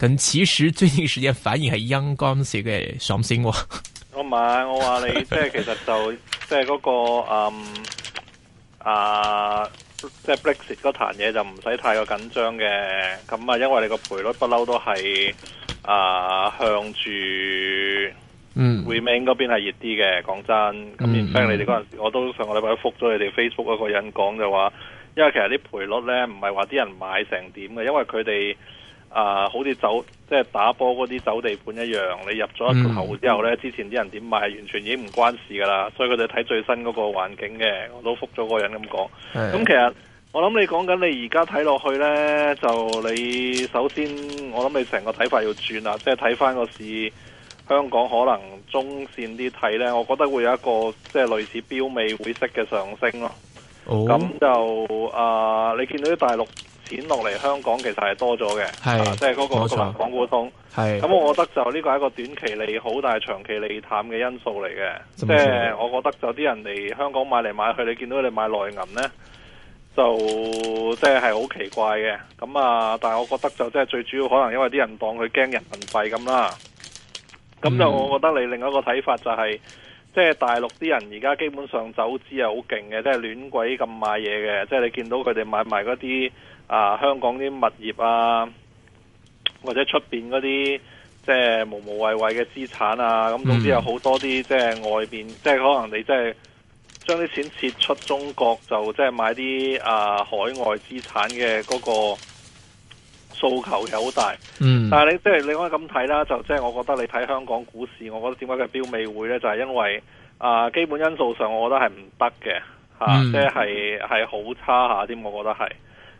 咁其實最近時間反而係陰乾少嘅上升喎。我唔係，我話你即係其實就即係嗰個嗯啊，即係 Brexit 嗰壇嘢就唔使太過緊張嘅。咁啊，因為你個賠率不嬲都係啊向住嗯 remain 嗰邊係熱啲嘅。講真，咁然之後你哋嗰陣，我都上個禮拜覆咗你哋 Facebook 一個人講就話，因為其實啲賠率咧唔係話啲人買成點嘅，因為佢哋。啊，好似走即係打波嗰啲走地盤一樣，你入咗一個頭之後呢，嗯、之前啲人點買完全已經唔關事噶啦，所以佢哋睇最新嗰個環境嘅，我都覆咗個人咁講。咁、嗯、其實我諗你講緊你而家睇落去呢，就你首先我諗你成個睇法要轉啦，即係睇返個市。香港可能中線啲睇呢，我覺得會有一個即係類似標尾會式嘅上升咯。咁、哦、就啊，你見到啲大陸。錢落嚟香港其實係多咗嘅，即係嗰個，錯那個港股通。咁是我覺得就呢個係一個短期利好，但係長期利淡嘅因素嚟嘅。即係、啊、我覺得就啲人嚟香港買嚟買去，你見到佢哋買內銀呢，就即係係好奇怪嘅。咁啊，但係我覺得就即係最主要可能因為啲人當佢驚人民幣咁啦。咁就我覺得你另一個睇法就係、是、即、就、係、是、大陸啲人而家基本上走資係好勁嘅，即係亂鬼咁、就是、買嘢嘅。即係你見到佢哋買埋嗰啲。啊！香港啲物業啊，或者出邊嗰啲即係無無謂謂嘅資產啊，咁總之有好多啲即係外邊，即係可能你即係將啲錢撤出中國，就即係買啲啊海外資產嘅嗰個訴求係好大。嗯，但係你即係你可以咁睇啦，就即係我覺得你睇香港股市，我覺得點解嘅標美會咧？就係、是、因為啊，基本因素上我覺得係唔得嘅吓，啊嗯、即係係好差吓啲，我覺得係。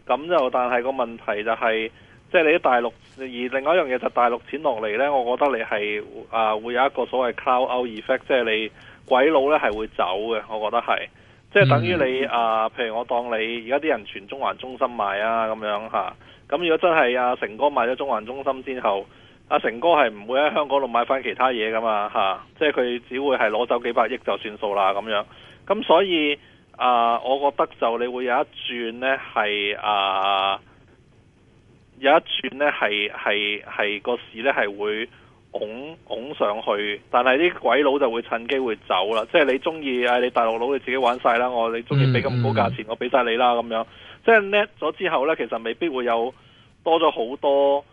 咁就但係個問題就係、是，即、就、係、是、你喺大陸，而另外一樣嘢就係大陸錢落嚟呢，我覺得你係啊、呃、會有一個所謂 crowd out effect，即係你鬼佬呢係會走嘅，我覺得係，即、就、係、是、等於你啊、呃，譬如我當你而家啲人傳中環中心賣啊咁樣咁、啊、如果真係阿、啊、成哥賣咗中環中心之後，阿、啊、成哥係唔會喺香港度買返其他嘢噶嘛嚇，即係佢只會係攞走幾百億就算數啦咁樣，咁所以。啊，uh, 我覺得就你會有一轉呢，係啊，uh, 有一轉呢，係係係個市呢，係會拱拱上去，但係啲鬼佬就會趁機會走啦。即係你中意，你大陸佬你自己玩晒啦。我你中意俾咁高價錢，mm hmm. 我俾晒你啦咁樣。即係叻咗之後呢，其實未必會有多咗好多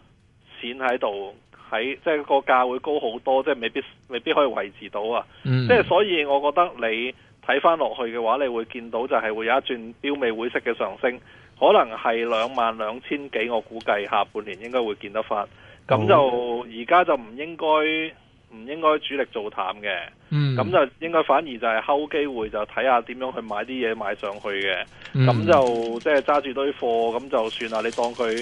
錢喺度，喺即係個價會高好多，即係未必未必可以維持到啊。Mm hmm. 即係所以，我覺得你。睇翻落去嘅話，你會見到就係會有一轉標尾會式嘅上升，可能係兩萬兩千幾，我估計下半年應該會見得翻。咁就而家就唔應該唔應該主力做淡嘅，咁、嗯、就應該反而就係睺機會，就睇下點樣去買啲嘢買上去嘅。咁就即係揸住堆貨咁就算啦。你當佢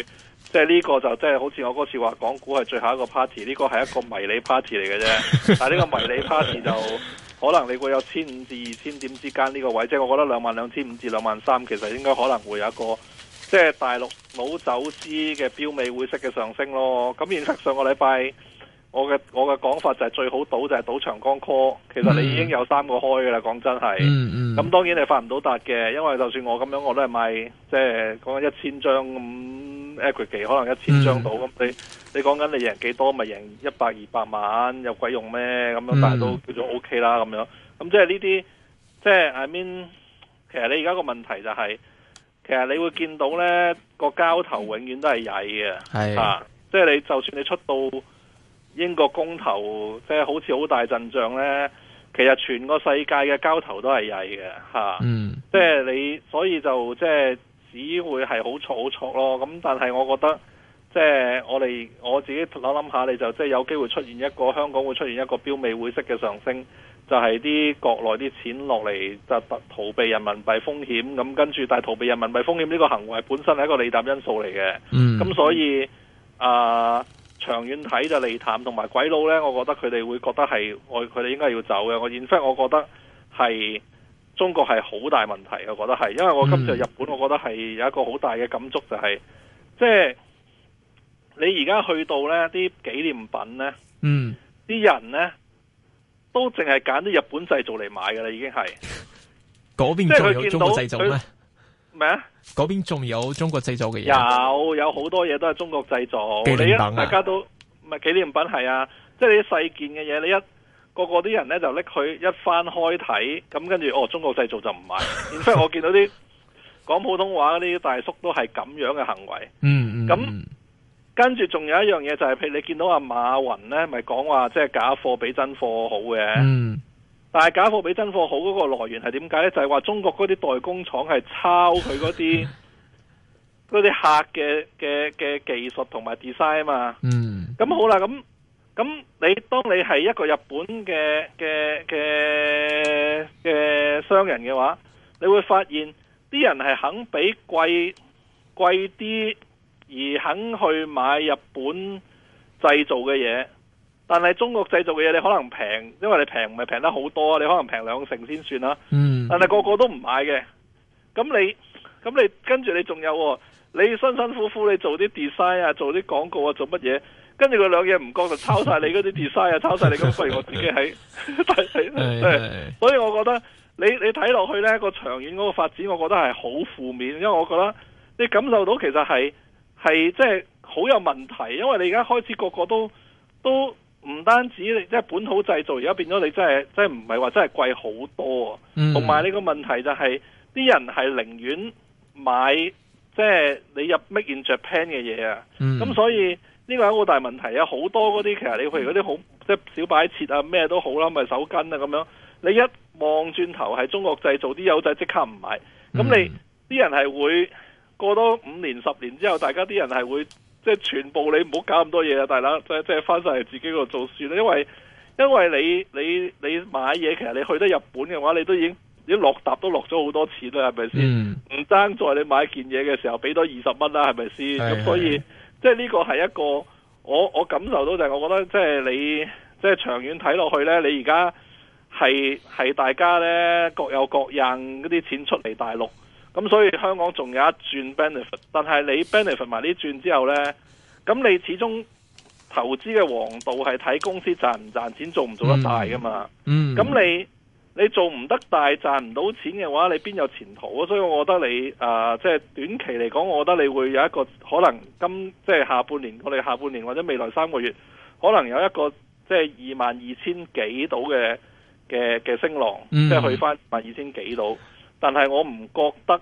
即係呢個就即係、就係、好似我嗰次話講港股係最後一個 party，呢個係一個迷你 party 嚟嘅啫。 但呢個迷你 party 就～可能你會有千五至二千點之間呢個位，即係我覺得兩萬兩千五至兩萬三，其實應該可能會有一個，即係大陸冇走資嘅標尾會式嘅上升咯。咁現實上個禮拜。我嘅我嘅講法就係最好賭就係賭長江 call，其實你已經有三個開嘅啦，講、嗯、真係、嗯。嗯嗯。咁當然你發唔到達嘅，因為就算我咁樣，我都係賣，即係講緊一千張咁 average、嗯、可能一千張到。咁、嗯，你你講緊你贏幾多咪贏一百二百,百萬，有鬼用咩？咁樣、嗯、但係都叫做 OK 啦咁樣。咁即係呢啲，即、就、係、是、I mean，其實你而家個問題就係、是，其實你會見到呢個交投永遠都係曳嘅。係的。即係、啊就是、你就算你出到。英國公投即係好似好大陣仗呢，其實全個世界嘅交投都係曳嘅嚇，即係、嗯啊就是、你，所以就即係只會係好錯好錯咯。咁、嗯、但係我覺得即係我哋我自己諗諗下，你就即係有機會出現一個香港會出現一個標尾會式嘅上升，就係、是、啲國內啲錢落嚟就逃避人民幣風險，咁跟住但係逃避人民幣風險呢個行為本身係一個利淡因素嚟嘅，咁、嗯、所以啊。長遠睇就利淡，同埋鬼佬呢，我覺得佢哋會覺得係我佢哋應該要走嘅。我因此，我覺得係中國係好大問題。我覺得係，因為我今次去日本，嗯、我覺得係有一個好大嘅感觸、就是，就係即係你而家去到呢啲紀念品呢，嗯，啲人呢都淨係揀啲日本製造嚟買㗎啦，已經係嗰 邊仲有中國製造咩？即係佢見到。咩嗰邊仲有中國製造嘅嘢？有，有好多嘢都係中國製造。紀念品、啊、大家都唔係紀念品係啊，即係啲細件嘅嘢，你一個個啲人咧就拎佢一翻開睇，咁跟住哦，中國製造就唔係。所以 我見到啲講普通話嗰啲大叔都係咁樣嘅行為。嗯嗯。咁跟住仲有一樣嘢就係、是，譬如你見到阿馬雲咧，咪講話即係假貨比真貨好嘅。嗯但係假貨比真貨好嗰個來源係點解呢？就係話中國嗰啲代工廠係抄佢嗰啲啲客嘅嘅技術同埋 design 嘛。嗯。咁好啦，咁咁你當你係一個日本嘅嘅嘅商人嘅話，你會發現啲人係肯俾貴貴啲而肯去買日本製造嘅嘢。但係中國製造嘅嘢，你可能平，因為你平唔係平得好多啊，你可能平兩成先算啦。但係個個都唔買嘅，咁你咁你跟住你仲有，你辛辛苦苦你做啲 design 啊，做啲廣告啊，做乜嘢？跟住佢兩嘢唔覺就抄晒你嗰啲 design 啊， 抄晒你咁，不如 我自己喺，所以我覺得你你睇落去呢個長遠嗰個發展，我覺得係好負面，因為我覺得你感受到其實係係即係好有問題，因為你而家開始個個都都。唔單止你即係本土製造，而家變咗你真係，真係唔係話真係貴好多啊！同埋呢個問題就係、是，啲人係寧願買即係你入 Made in Japan 嘅嘢啊！咁、嗯、所以呢個係一個大問題啊！好多嗰啲其實你譬如嗰啲好即係小擺設啊，咩都好啦，咪手巾啊咁樣，你一望轉頭係中國製造啲友仔即刻唔買，咁、嗯、你啲人係會過多五年、十年之後，大家啲人係會。即係全部你唔好搞咁多嘢啊，大佬！即係即係翻晒嚟自己度做算啦，因為因為你你你買嘢其實你去得日本嘅話，你都已經已經落搭都落咗好多錢啦，係咪先？唔爭、嗯、在你買件嘢嘅時候俾多二十蚊啦，係咪先？咁的所以即係呢個係一個我我感受到就係、是，我覺得即係你即係、就是、長遠睇落去呢，你而家係係大家呢，各有各印嗰啲錢出嚟大陸。咁所以香港仲有一轉 benefit，但係你 benefit 埋呢轉之後呢，咁你始終投資嘅王道係睇公司賺唔賺錢，做唔做得大㗎嘛？嗯、mm，咁、hmm. 你你做唔得大，賺唔到錢嘅話，你邊有前途啊？所以我覺得你即係、呃就是、短期嚟講，我覺得你會有一個可能今即係、就是、下半年，我哋下半年或者未來三個月，可能有一個即係二萬二千幾度嘅嘅嘅升浪，即係、mm hmm. 去返二萬二千幾度。但係我唔覺得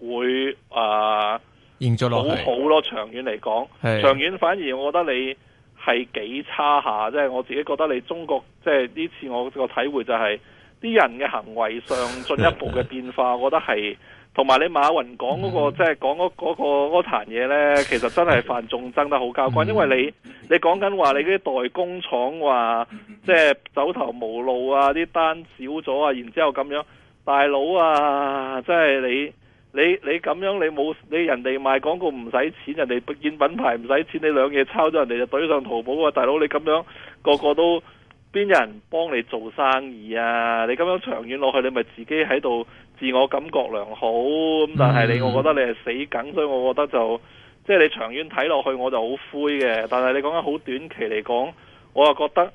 會啊，延續落去好咯，長遠嚟講是長遠反而我覺得你係幾差下，即係我自己覺得你中國即係呢次我個體會就係、是、啲人嘅行為上進一步嘅變化， 我覺得係同埋你馬雲講嗰、那個即係講嗰嗰個嗰壇嘢咧，其實真係犯眾憎得好交關， 因為你你講緊話你啲代工廠話即係走投無路啊，啲單少咗啊，然之後咁樣。大佬啊，即係你你你咁樣你冇你人哋賣廣告唔使錢，人哋見品牌唔使錢，你兩嘢抄咗人哋就懟上淘寶啊！大佬你咁樣個個都邊有人幫你做生意啊？你咁樣長遠落去，你咪自己喺度自我感覺良好咁，嗯、但係你我覺得你係死梗，所以我覺得就即係、就是、你長遠睇落去我就好灰嘅。但係你講緊好短期嚟講，我又覺得。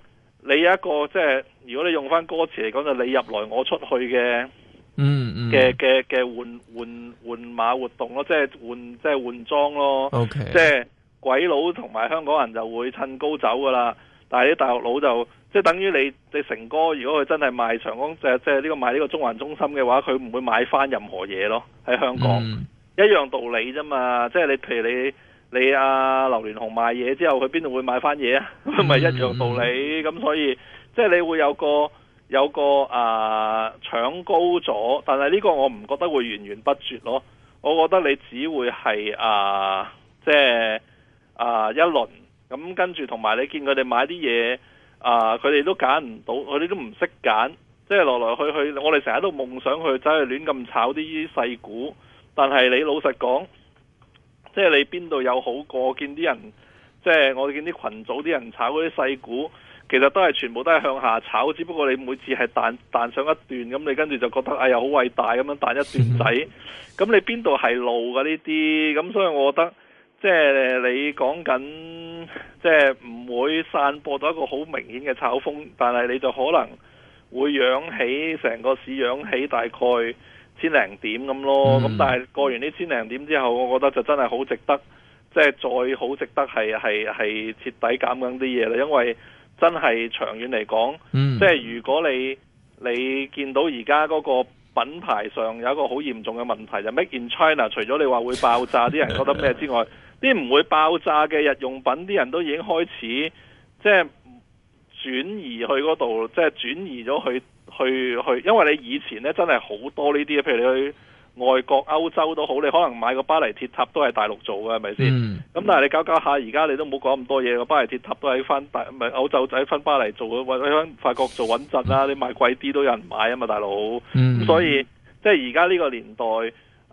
你有一個即係，如果你用翻歌詞嚟講，就、你入來我出去嘅，嗯嗯嘅嘅嘅換換換馬活動咯，Okay. 即係換即係換裝咯。O K，即係鬼佬同埋香港人就會趁高走噶啦，但係啲大陸佬就即係等於你你成哥，如果佢真係賣長江，就即係呢個賣呢個中環中心嘅話，佢唔會買翻任何嘢咯，喺香港、mm hmm. 一樣道理啫嘛，即係你譬如你。你阿劉鑾雄買嘢之後，佢邊度會買翻嘢啊？咪、嗯、 一樣道理。咁所以，即係你會有個有個啊、呃、搶高咗，但係呢個我唔覺得會源源不絕咯。我覺得你只會係啊、呃，即係啊、呃、一輪。咁跟住同埋你見佢哋買啲嘢啊，佢、呃、哋都揀唔到，佢哋都唔識揀。即係來來去去，我哋成日都夢想去走去亂咁炒啲細股，但係你老實講。即係你邊度有好過？見啲人，即係我見啲群組啲人炒嗰啲細股，其實都係全部都係向下炒，只不過你每次係彈彈上一段，咁你跟住就覺得哎呀好偉大咁樣彈一段仔，咁你邊度係路㗎呢啲？咁所以我覺得，即係你講緊，即係唔會散播到一個好明顯嘅炒風，但係你就可能會養起成個市養起大概千零點咁咯，咁、嗯、但係過完呢千零點之後，我覺得就真係好值得，即、就、係、係、再好值得係係係徹底減緊啲嘢啦，因為真係長遠嚟講，嗯、即係如果你你見到而家嗰個品牌上有一個好嚴重嘅問題就係、Make in China，除咗你話會爆炸，啲人覺得咩之外，啲唔 會爆炸嘅日用品啲人都已經開始即係轉移去嗰度，即係轉移咗去。去去，因為你以前咧真係好多呢啲，譬如你去外國歐洲都好，你可能買個巴黎鐵塔都係大陸做嘅，係咪先？咁但係你搞搞下，而家你都唔好講咁多嘢，個巴黎鐵塔都喺翻大唔係歐洲，仔喺翻巴黎做嘅，或者喺法國做穩陣啦。你買貴啲都有人買啊嘛，大佬。咁、嗯、所以即係而家呢個年代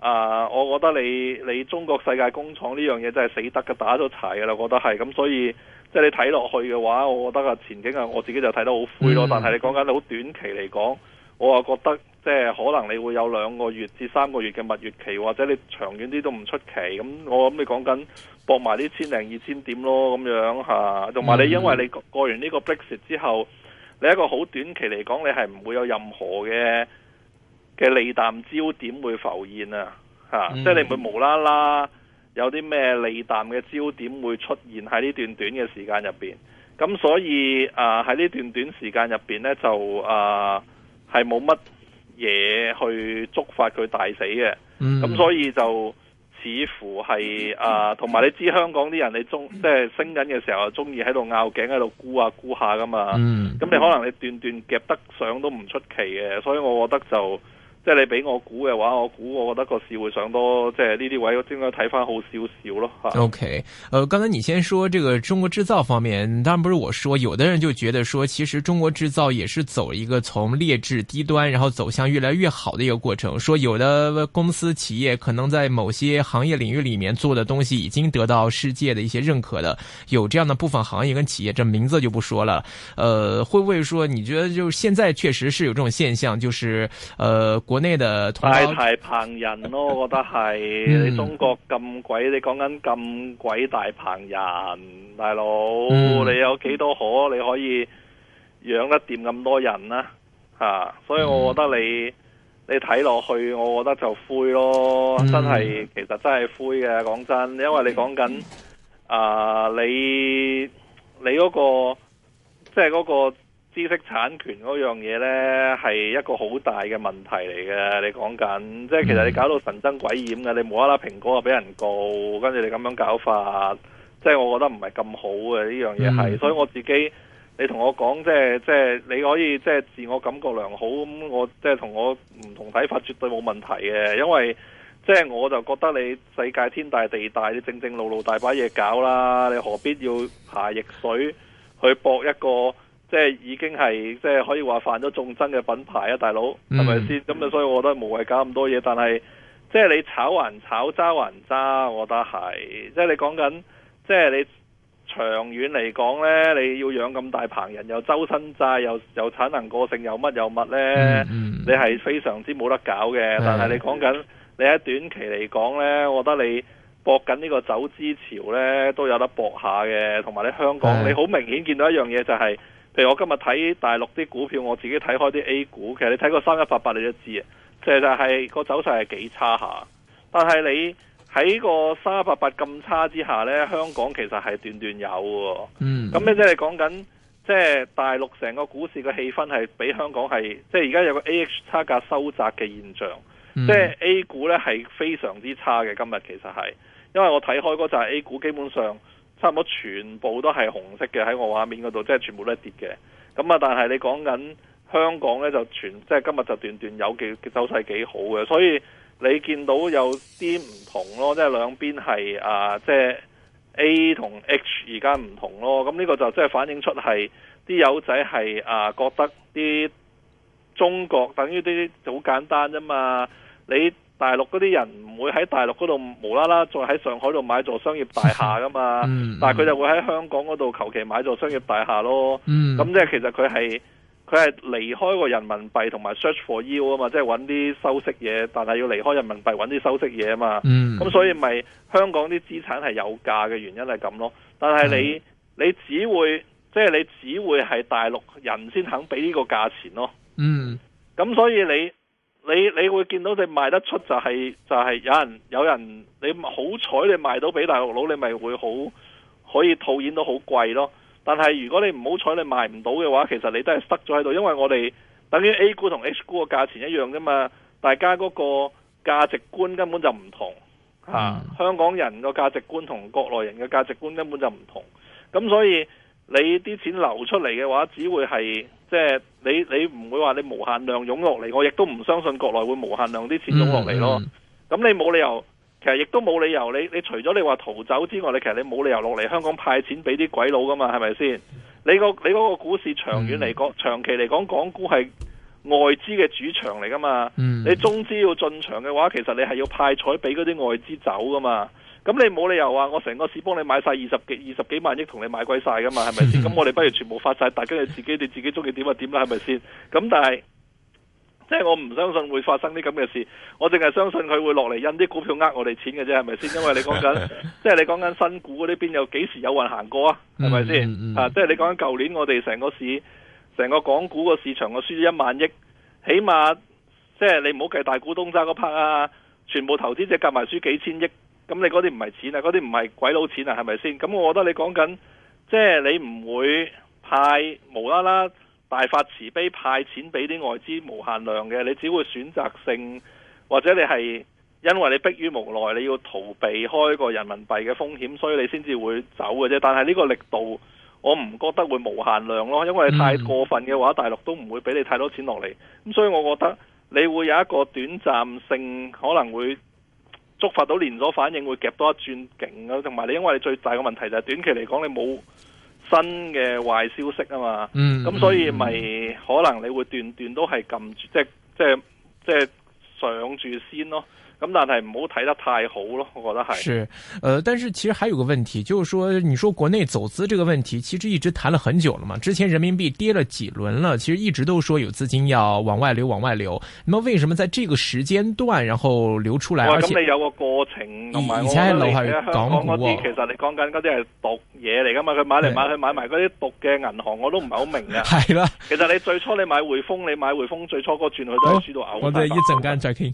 啊、呃，我覺得你你中國世界工廠呢樣嘢真係死得嘅，打咗柴嘅啦，我覺得係咁，所以。即係你睇落去嘅話，我覺得嘅前景啊，我自己就睇得好灰咯。嗯、但係你講緊好短期嚟講，我啊覺得即係可能你會有兩個月至三個月嘅蜜月期，或者你長遠啲都唔出奇。咁我諗你講緊搏埋呢千零二千點咯，咁樣嚇。啊、同埋你因為你過完呢個 Brexit 之後，你一個好短期嚟講，你係唔會有任何嘅嘅利淡焦點會浮現啊嚇。嗯、即係你唔會無啦啦。有啲咩利淡嘅焦點會出現喺呢段短嘅時間入邊，咁所以啊喺呢段短時間入邊呢，就啊係冇乜嘢去觸發佢大死嘅，咁、嗯、所以就似乎係啊，同、呃、埋、嗯、你知香港啲人你中即係升緊嘅時候，鍾中意喺度拗頸喺度沽下沽下噶嘛，咁、嗯、你可能你段段夾得上都唔出奇嘅，所以我覺得就。即係你俾我估嘅話，我估我覺得個市會上多，即係呢啲位應該睇翻好少少咯。OK，呃，剛才你先說這個中國製造方面，當然不是我說，有的人就覺得說，其實中國製造也是走一個從劣質低端，然後走向越來越好的一個過程。說有的公司企業可能在某些行業領域裏面做的東西已經得到世界的一些認可的，有這樣的部分行業跟企業，這名字就不說了。呃，會不會說你覺得就現在確實是有這種現象，就是呃……太太棚人咯，我覺得係你中、嗯、國咁鬼，你講緊咁鬼大棚人，大佬、嗯、你有幾多可，你可以養得掂咁多人啦、啊、吓、啊，所以我覺得你、嗯、你睇落去，我覺得就灰咯，真係、嗯、其實真係灰嘅，講真的，因為你講緊啊，你你嗰個即係嗰個。就是知識產權嗰樣嘢呢，係一個好大嘅問題嚟嘅。你講緊即係其實你搞到神憎鬼厭嘅，你無啦啦蘋果就俾人告，跟住你咁樣搞法，即係我覺得唔係咁好嘅呢、嗯、樣嘢係。所以我自己你同我講即係即係你可以即係自我感覺良好咁，我即係同我唔同睇法，絕對冇問題嘅。因為即係我就覺得你世界天大地大，你正正路路大把嘢搞啦，你何必要爬逆水去搏一個？即係已經係，即係可以話犯咗眾憎嘅品牌啊，大佬係咪先？咁啊，嗯、所以我覺得冇謂搞咁多嘢。但係，即係你炒還炒，揸還揸，我覺得係。即係你講緊，即係你長遠嚟講呢，你要養咁大棚人，又周身債，又又產能過剩，又乜又乜呢？嗯嗯、你係非常之冇得搞嘅。嗯、但係你講緊，你喺短期嚟講呢，我覺得你博緊呢個走資潮呢，都有得博下嘅。同埋你香港、嗯、你好明顯見到一樣嘢就係、是。譬如我今日睇大陸啲股票，我自己睇開啲 A 股。其實你睇個三一八八，你就知啊，即係就係、是、個走勢係幾差下。但係你喺個三一八八咁差之下呢，香港其實係斷斷有喎。嗯，咁即係講緊即係大陸成個股市嘅氣氛係比香港係，即係而家有個 A H 差價收窄嘅現象。即係、嗯、A 股呢係非常之差嘅，今日其實係，因為我睇開嗰陣 A 股基本上。差唔多全部都係紅色嘅喺我畫面嗰度，即係全部都係跌嘅。咁啊，但係你講緊香港呢，就全即係今日就段段有嘅走勢幾好嘅。所以你見到有啲唔同咯，即係兩邊係啊，即係 A 同 H 而家唔同咯。咁呢個就即係反映出係啲友仔係啊覺得啲中國等於啲好簡單啫嘛，你。大陸嗰啲人唔會喺大陸嗰度無啦啦再喺上海度買座商業大廈噶嘛，是是嗯嗯、但係佢就會喺香港嗰度求其買座商業大廈咯。咁、嗯、即係其實佢係佢係離開個人民幣同埋 search for yield 啊嘛，即係揾啲收息嘢，但係要離開人民幣揾啲收息嘢啊嘛。咁、嗯、所以咪香港啲資產係有價嘅原因係咁咯。但係你、嗯、你只會即係、就是、你只會係大陸人先肯俾呢個價錢咯。嗯，咁所以你。你你會見到你賣得出就係、是、就係、是、有人有人你好彩你賣到俾大陸佬你咪會好可以套現到好貴咯，但係如果你唔好彩你賣唔到嘅話，其實你都係塞咗喺度，因為我哋等於 A 股同 H 股嘅價錢一樣㗎嘛，大家嗰個價值觀根本就唔同吓，嗯、香港人嘅價值觀同國內人嘅價值觀根本就唔同，咁所以。你啲錢流出嚟嘅話，只會係即係你你唔會話你無限量湧落嚟，我亦都唔相信國內會無限量啲錢湧落嚟咯。咁、嗯、你冇理由，其實亦都冇理由。你你除咗你話逃走之外，你其實你冇理由落嚟香港派錢俾啲鬼佬噶嘛？係咪先？你、嗰個你嗰個股市長遠嚟講，嗯、長期嚟講，港股係外資嘅主場嚟噶嘛？嗯、你中資要進場嘅話，其實你係要派彩俾嗰啲外資走噶嘛？咁你冇理由話我成個市幫你買晒二十幾二十幾萬億同你買貴晒噶嘛係咪先？咁我哋不如全部發晒，大家你自己你自己中意點就點啦，係咪先？咁但係即係我唔相信會發生啲咁嘅事，我淨係相信佢會落嚟印啲股票呃我哋錢嘅啫，係咪先？因為你講緊 即係你講緊新股呢邊有幾時有運行過啊？係咪先？ 啊，即係你講緊舊年我哋成個市成個港股個市場我輸咗一萬億，起碼即係你唔好計大股東揸嗰 part 啊，全部投資者夾埋輸幾千億。咁你嗰啲唔係錢啊，嗰啲唔係鬼佬錢啊，係咪先？咁我覺得你講緊，即係你唔會派無啦啦大發慈悲派錢俾啲外資無限量嘅，你只會選擇性或者你係因為你迫於無奈，你要逃避開個人民幣嘅風險，所以你先至會走嘅啫。但係呢個力度，我唔覺得會無限量咯，因為你太過分嘅話大陸都唔會俾你太多錢落嚟。咁所以，我覺得你會有一個短暫性可能會。觸發到連鎖反應，會夾多一轉勁啊，同埋你因為你最大嘅問題就係短期嚟講，你冇新嘅壞消息啊嘛，咁、嗯、所以咪可能你會段段都係撳住，即係即係即係上住先咯。咁但係唔好睇得太好咯，我覺得係。是，呃，但是其實還有個問題，就是說，你說國內走資這個問題，其實一直談了很久了嘛。之前人民幣跌了幾輪了，其實一直都說有資金要往外流，往外流。那麼為什麼在這個時間段然後流出來，而且你有個過程，同埋我覺得你香港嗰啲，其實你講緊嗰啲係毒嘢嚟噶嘛？佢買嚟買去的，買埋嗰啲毒嘅銀行，我都唔係好明嘅。係啦的，其實你最初你買匯豐，你買匯豐最初嗰轉，佢都輸到嘔。哦，我哋一陣間再傾。